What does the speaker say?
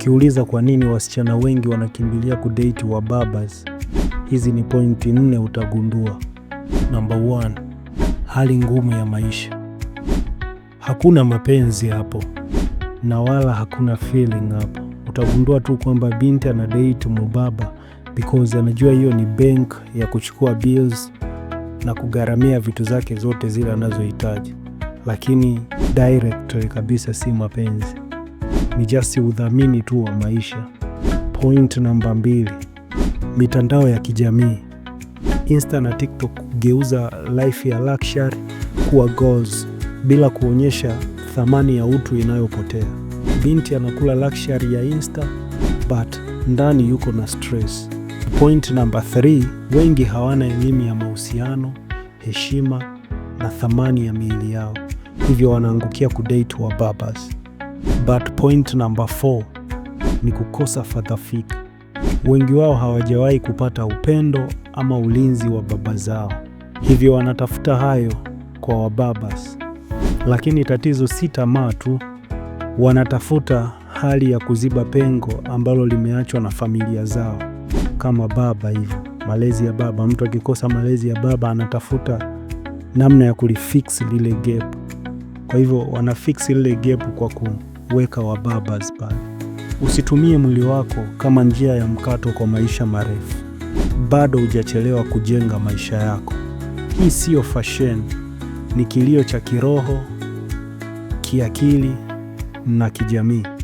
Ukiuliza kwa nini wasichana wengi wanakimbilia kudate babas, hizi ni pointi nne utagundua. Number one, hali ngumu ya maisha. Hakuna mapenzi hapo na wala hakuna feeling hapo. Utagundua tu kwamba binti ana date mubaba because anajua hiyo ni bank ya kuchukua bills na kugharamia vitu zake zote zile anazohitaji, lakini directly kabisa si mapenzi ni jasi udhamini tu wa maisha. Point namba mbili, mitandao ya kijamii Insta na TikTok kugeuza life ya luxury kuwa goals bila kuonyesha thamani ya utu inayopotea. Binti anakula luxury ya Insta but ndani yuko na stress. Point namba 3, wengi hawana elimu ya mahusiano, heshima na thamani ya miili yao, hivyo wanaangukia kudate wababas. But point number 4 ni kukosa father Wengi wao hawajawahi kupata upendo ama ulinzi wa baba zao, hivyo wanatafuta hayo kwa wababas. Lakini tatizo si tamaa tu, wanatafuta hali ya kuziba pengo ambalo limeachwa na familia zao, kama baba hivyo, malezi ya baba. Mtu akikosa malezi ya baba, anatafuta namna ya kulifix lile gap. Kwa hivyo fix lile gap kwa kuweka wababas pale. Usitumie mwili wako kama njia ya mkato kwa maisha marefu. Bado hujachelewa kujenga maisha yako. Hii siyo fashion, ni kilio cha kiroho, kiakili na kijamii.